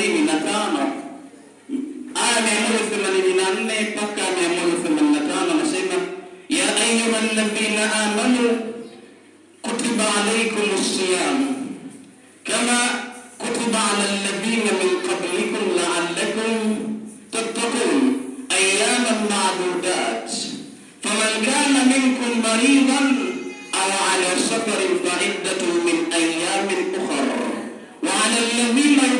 themanini na tano aya mia moja themanini na nne mpaka mia moja themanini na tano anasema ya ayuha ladhina amanu kutiba alaikum siyamu kama kutiba ala ladhina min qablikum laalakum tattakun ayaman madudat faman kana minkum maridan au ala safarin faiddatun min ayamin ukhra وعلى الذين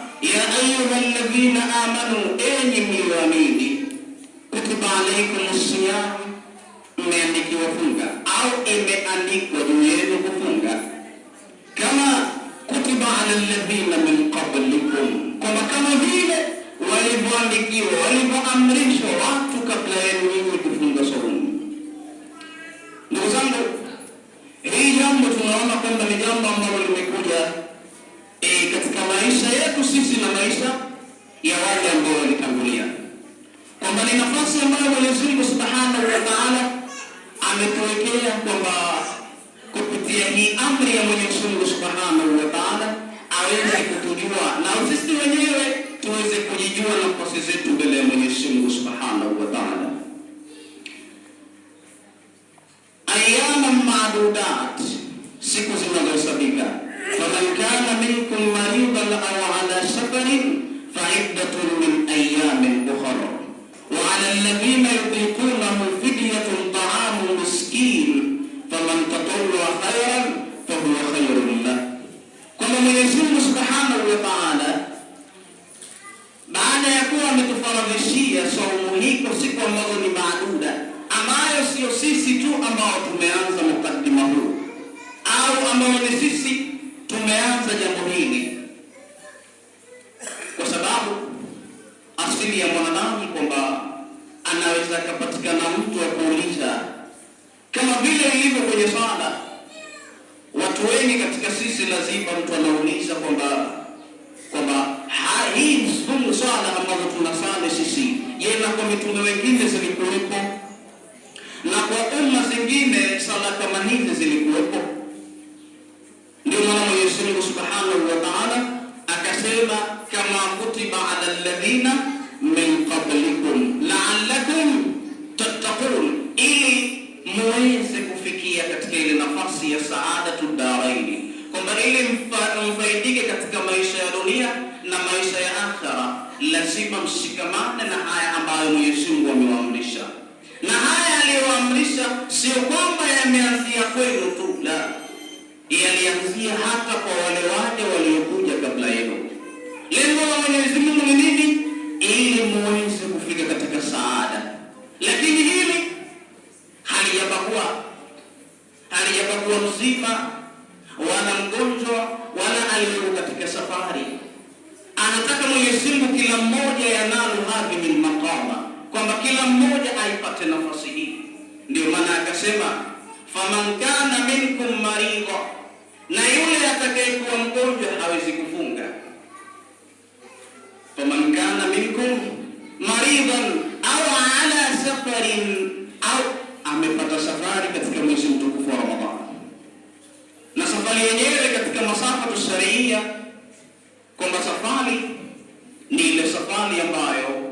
ayyuhalladhina amanu, enyi mlioamini, kutiba alaikum siyam, mmeandikiwa funga au imeandikwa juu yenu kufunga, kama kutiba alalladhina min qablikum, kwamba kama vile walivyoandikiwa, walivyoamrishwa watu kabla yenu maisha yetu sisi na maisha ya wale ambao walitangulia, kwamba ni nafasi ambayo Mwenyezi Mungu Subhanahu wa Ta'ala ametuwekea kwamba kupitia hii amri ya Mwenyezi Mungu Subhanahu wa Ta'ala aweze kutujua na sisi wenyewe tuweze kujijua na nafasi zetu mbele ya Mwenyezi Mungu Subhanahu wa Ta'ala. Ayyama ma'dudat, siku zinazohesabika, faman kana minkum maridan tumeanza mukadima huu au ambao ni sisi tumeanza jambo hili, kwa sababu asili ya mwanadamu kwamba anaweza akapatikana mtu wa kuuliza, kama vile ilivyo kwenye swala. Watu wengi katika sisi lazima mtu anauliza kwamba kwamba hii swala ambazo tunasali sisi, yena kwa mitume wengine zilikuwepo nyingine sala kama hizi zilikuwepo. Ndio maana Mwenyezi Mungu Subhanahu wa Ta'ala akasema, kama kutiba ala alladhina min qablikum la'allakum tattaqun, ili muweze kufikia katika ile nafasi ya saadatu daraini, kwamba ili mfaidike katika maisha ya dunia na maisha ya akhera, lazima mshikamane na haya ambayo Mwenyezi Mungu amewaamrisha na haya aliyoamrisha sio kwamba yameanzia kwenu tu, la, yalianzia hata kwa wale wale waliokuja kabla yenu. Lengo la Mwenyezi Mungu ni nini? lazima nafasi hii. Ndio maana akasema faman kana minkum maridha, na yule atakayekuwa mgonjwa hawezi kufunga. Faman kana minkum maridhan au ala safarin, au amepata safari katika mwezi mtukufu wa Ramadhani, na safari yenyewe katika masafa sharia, kwamba safari ni ile safari ambayo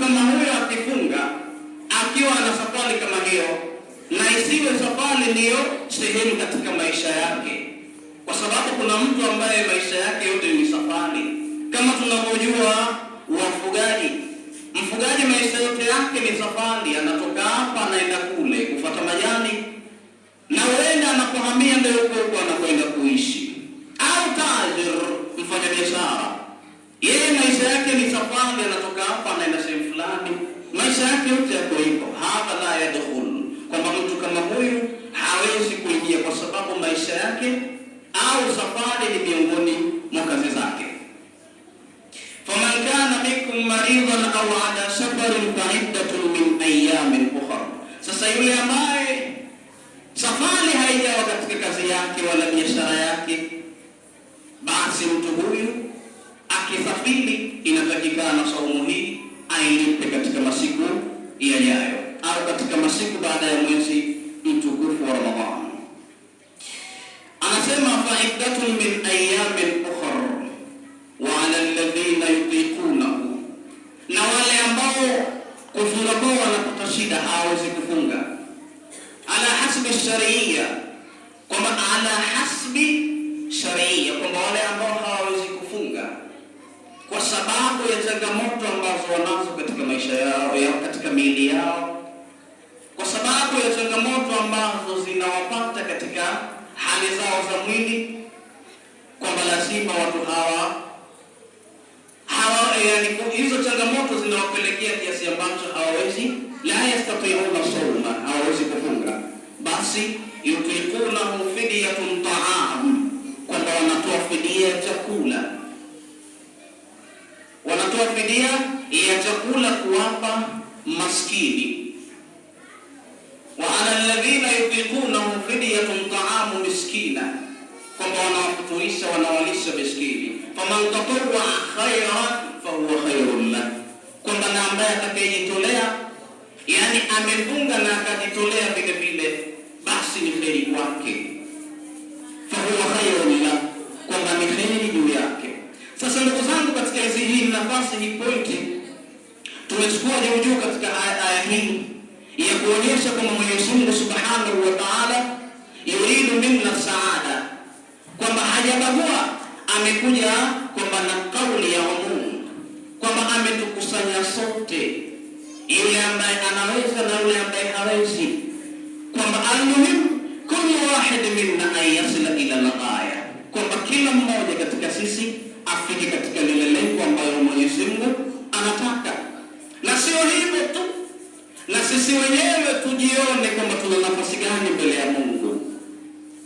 kama huyo akifunga akiwa ana safari kama hiyo, na isiwe safari ndiyo sehemu katika maisha yake, kwa sababu kuna mtu ambaye maisha yake yote ni safari. Kama tunavyojua wafugaji, mfugaji maisha yote yake ni safari, anatoka hapa anaenda kule kufuata majani, na huenda anapohamia ndio huko huko anakwenda kuishi, au tajir, mfanyabiashara yeye maisha yake ni safari, anatoka hapa anaenda sehemu fulani, maisha yake yote yako hivyo. Hadha la yadkhul, kwamba mtu kama huyu hawezi kuingia, kwa sababu maisha yake au safari ni miongoni mwa kazi zake. faman kana bikum maridan au ala safarin faiddatu min ayamin ukhra, sasa yule ambaye yajayo au katika masiku baada ya mwezi mtukufu wa Ramadhani. Anasema faiddatun min ayamin ukhra wa ala alladhina yutiqunahu, na wale ambao kufunga kwao wanapata shida, hawawezi kufunga, ala hasbi sharia, kwamba ala hasbi sharia, kwamba wale ambao sababu ya changamoto ambazo wanazo katika maisha yao ya katika miili yao, kwa sababu ya changamoto ambazo zinawapata katika hali zao za mwili, kwamba lazima watu hawa hawa eh, yani, hizo changamoto zinawapelekea kiasi ambacho hawawezi la yastatiuna sawma, hawawezi kufunga, basi yutiqunahu fidyatun taam chakula kuwapa maskini, wa ala alladhina yutiqunahu fidyatun ta'amu miskina, kwamba wanawafuturisha wanawalisha miskini. Faman tatawwa khairan fahuwa khairun lah, kwamba na ambaye atakayejitolea, yani amefunga na akajitolea vile vile, basi ni kheri kwake, fahuwa khairun lah, kwamba ni kheri juu yake. Sasa ndugu zangu, katika hizi hii nafasi hii pointi kuchukua juu katika aya hii ya kuonyesha kwamba Mwenyezi Mungu Subhanahu wa Ta'ala yuridu minna saada, kwamba hajabagua, amekuja kwamba na kauli ya Mungu kwamba ametukusanya sote, yule ambaye anaweza na yule ambaye hawezi, kwamba almuhimu kullu wahid minna an yasila ila al kwamba kila mmoja katika sisi afike katika lile lengo ambalo Mwenyezi Mungu anataka sio hivyo tu, na sisi wenyewe tujione kwamba tuna nafasi gani mbele ya Mungu,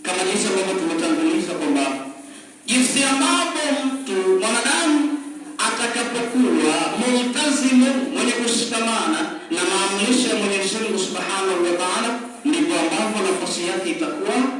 kama jinsi ambavyo tumetanguliza kwamba jinsi ambavyo mtu mwanadamu atakapokuwa multazimu, mwenye kushikamana na maamrisho ya Mwenyezi Mungu subhanahu wa taala, ndipo ambapo nafasi yake itakuwa